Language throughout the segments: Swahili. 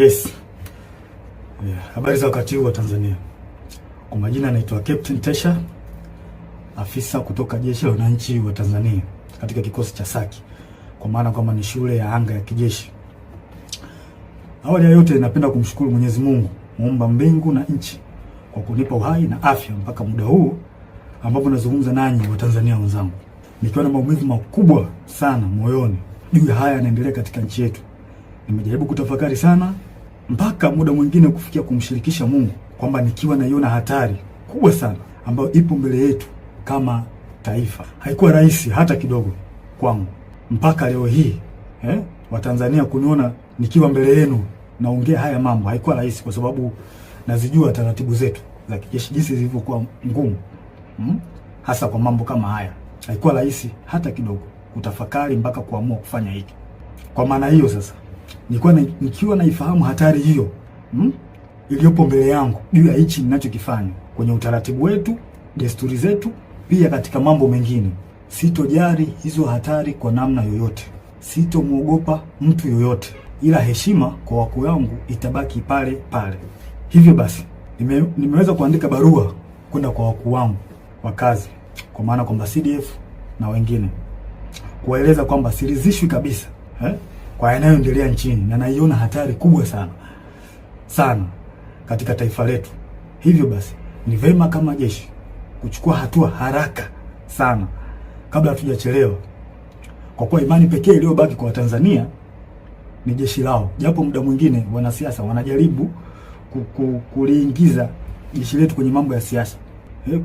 Yes. Yeah. Habari za wakati huu wa Tanzania. Kwa majina naitwa Captain Tesha, afisa kutoka Jeshi la Wananchi wa Tanzania katika kikosi cha Saki, kwa maana kwamba ni shule ya anga ya kijeshi. Awali ya yote, napenda kumshukuru Mwenyezi Mungu muumba mbingu na nchi kwa kunipa uhai na afya mpaka muda huu ambapo nazungumza nanyi Watanzania wenzangu, nikiwa na maumivu makubwa sana moyoni juu ya haya yanaendelea katika nchi yetu. Nimejaribu kutafakari sana mpaka muda mwingine kufikia kumshirikisha Mungu, kwamba nikiwa naiona hatari kubwa sana ambayo ipo mbele yetu kama taifa. Haikuwa rahisi hata kidogo kwangu mpaka leo hii eh, Watanzania kuniona nikiwa mbele yenu naongea haya mambo. Haikuwa rahisi kwa sababu nazijua taratibu zetu za kijeshi jinsi zilivyokuwa ngumu hmm? hasa kwa mambo kama haya. Haikuwa rahisi hata kidogo kutafakari mpaka kuamua kufanya hiki. Kwa maana hiyo sasa nilikuwa na, nikiwa naifahamu hatari hiyo hmm, iliyopo mbele yangu juu ya hichi ninachokifanya kwenye utaratibu wetu, desturi zetu, pia katika mambo mengine, sitojari hizo hatari kwa namna yoyote, sitomwogopa mtu yoyote, ila heshima kwa wakuu wangu itabaki pale pale. Hivyo basi nime, nimeweza kuandika barua kwenda kwa wakuu wangu wa kazi, kwa maana kwamba CDF na wengine, kuwaeleza kwamba siridhishwi kabisa eh? kwa yanayoendelea nchini, na naiona hatari kubwa sana sana katika taifa letu. Hivyo basi ni vema kama jeshi kuchukua hatua haraka sana kabla hatujachelewa, kwa kuwa imani pekee iliyobaki kwa Watanzania ni jeshi lao, japo muda mwingine wanasiasa wanajaribu kuliingiza jeshi letu kwenye mambo ya siasa, eh,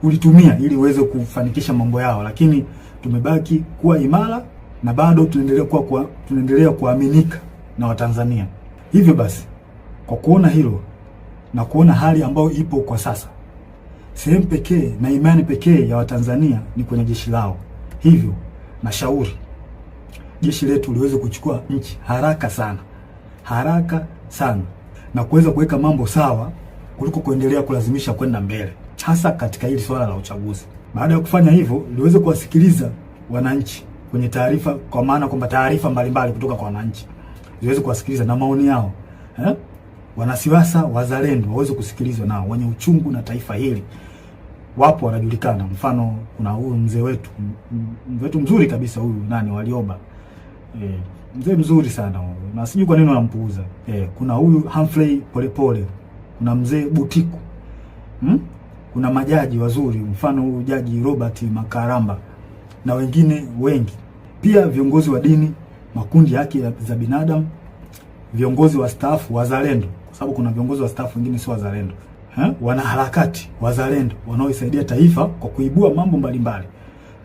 kulitumia ili uweze kufanikisha mambo yao, lakini tumebaki kuwa imara na bado tunaendelea kwa, kwa, tunaendelea kuaminika na Watanzania. Hivyo basi kwa kuona hilo na kuona hali ambayo ipo kwa sasa, sehemu pekee na imani pekee ya Watanzania ni kwenye jeshi lao. Hivyo nashauri jeshi letu liweze kuchukua nchi haraka sana, haraka sana, na kuweza kuweka mambo sawa kuliko kuendelea kulazimisha kwenda mbele, hasa katika hili swala la uchaguzi. Baada ya kufanya hivyo, liweze kuwasikiliza wananchi kwenye taarifa, kwa maana kwamba taarifa mbalimbali kutoka kwa wananchi ziweze kuwasikiliza na maoni yao eh? Wanasiasa wazalendo waweze kusikilizwa nao, wenye uchungu na taifa hili wapo wanajulikana. Mfano kuna huyu mzee wetu mzee wetu mzuri kabisa huyu nani Walioba e, eh, mzee mzuri sana huyu, na sijui kwa nini wanampuuza e. Eh, kuna huyu Humphrey Polepole, kuna mzee Butiku hmm? Kuna majaji wazuri, mfano huyu jaji Robert Makaramba na wengine wengi. Pia viongozi wa dini, makundi ya haki za binadamu, viongozi wa staafu wazalendo, kwa sababu kuna viongozi wa staafu wengine sio wazalendo ha? Wanaharakati wazalendo wanaoisaidia taifa kwa kuibua mambo mbalimbali mbali.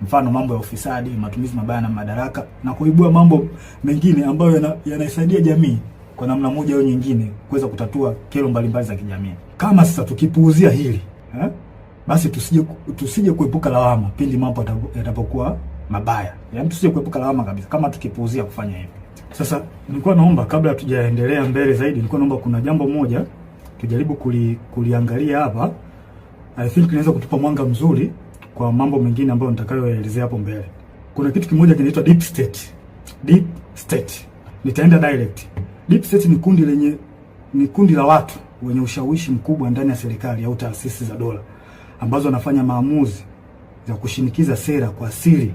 Mfano mambo ya ufisadi, matumizi mabaya na madaraka na kuibua mambo mengine ambayo yanaisaidia yana jamii kwa namna moja au nyingine kuweza kutatua kero mbalimbali za kijamii. Kama sasa tukipuuzia hili ha? basi tusije tusije kuepuka lawama pindi mambo yatapokuwa mabaya, yaani tusije kuepuka lawama kabisa, kama tukipuuzia kufanya hivyo. Sasa nilikuwa naomba kabla tujaendelea mbele zaidi, nilikuwa naomba kuna jambo moja tujaribu kuli, kuliangalia hapa. I think inaweza kutupa mwanga mzuri kwa mambo mengine ambayo nitakayoelezea hapo mbele. Kuna kitu kimoja kinaitwa deep state. Deep state, nitaenda direct. Deep state ni kundi lenye ni kundi la watu wenye ushawishi mkubwa ndani ya serikali au taasisi za dola ambazo wanafanya maamuzi za kushinikiza sera kwa siri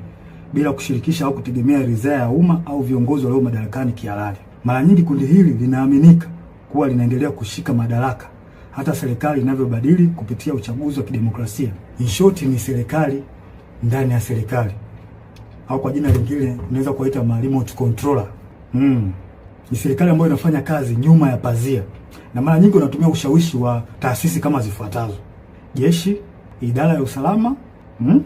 bila kushirikisha au kutegemea ridhaa ya umma au viongozi walio madarakani kihalali. Mara nyingi kundi hili linaaminika kuwa linaendelea kushika madaraka hata serikali inavyobadili kupitia uchaguzi wa kidemokrasia. In short, ni serikali ndani ya serikali, au kwa jina lingine unaweza kuwaita remote controller. Mm. Ni serikali ambayo inafanya kazi nyuma ya pazia na mara nyingi unatumia ushawishi wa taasisi kama zifuatazo: jeshi idara ya usalama mm,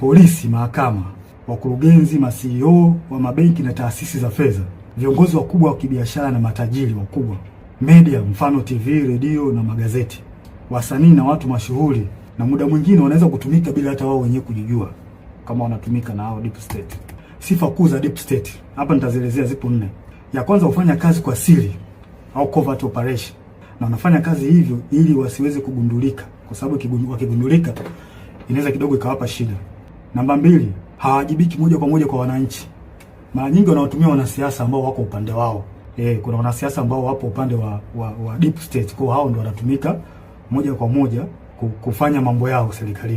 polisi, mahakama, wakurugenzi, ma CEO wa mabenki na taasisi za fedha, viongozi wakubwa wa kibiashara na matajiri wakubwa, media, mfano TV, redio na magazeti, wasanii na watu mashuhuri, na muda mwingine wanaweza kutumika bila hata wao wenyewe kujijua kama wanatumika na hao deep state. Sifa kuu za deep state hapa nitazielezea, zipo nne. Ya kwanza, hufanya kazi kwa siri au covert operation, na wanafanya kazi hivyo ili wasiweze kugundulika kwa sababu wakigundulika inaweza kidogo ikawapa shida. Namba mbili, hawajibiki moja kwa moja kwa wananchi. Mara nyingi wanawatumia wanasiasa ambao wako upande wao. E, kuna wanasiasa ambao wapo upande wa, wa, wa deep state, kwa hao ndio wanatumika moja kwa moja kufanya mambo yao serikalini.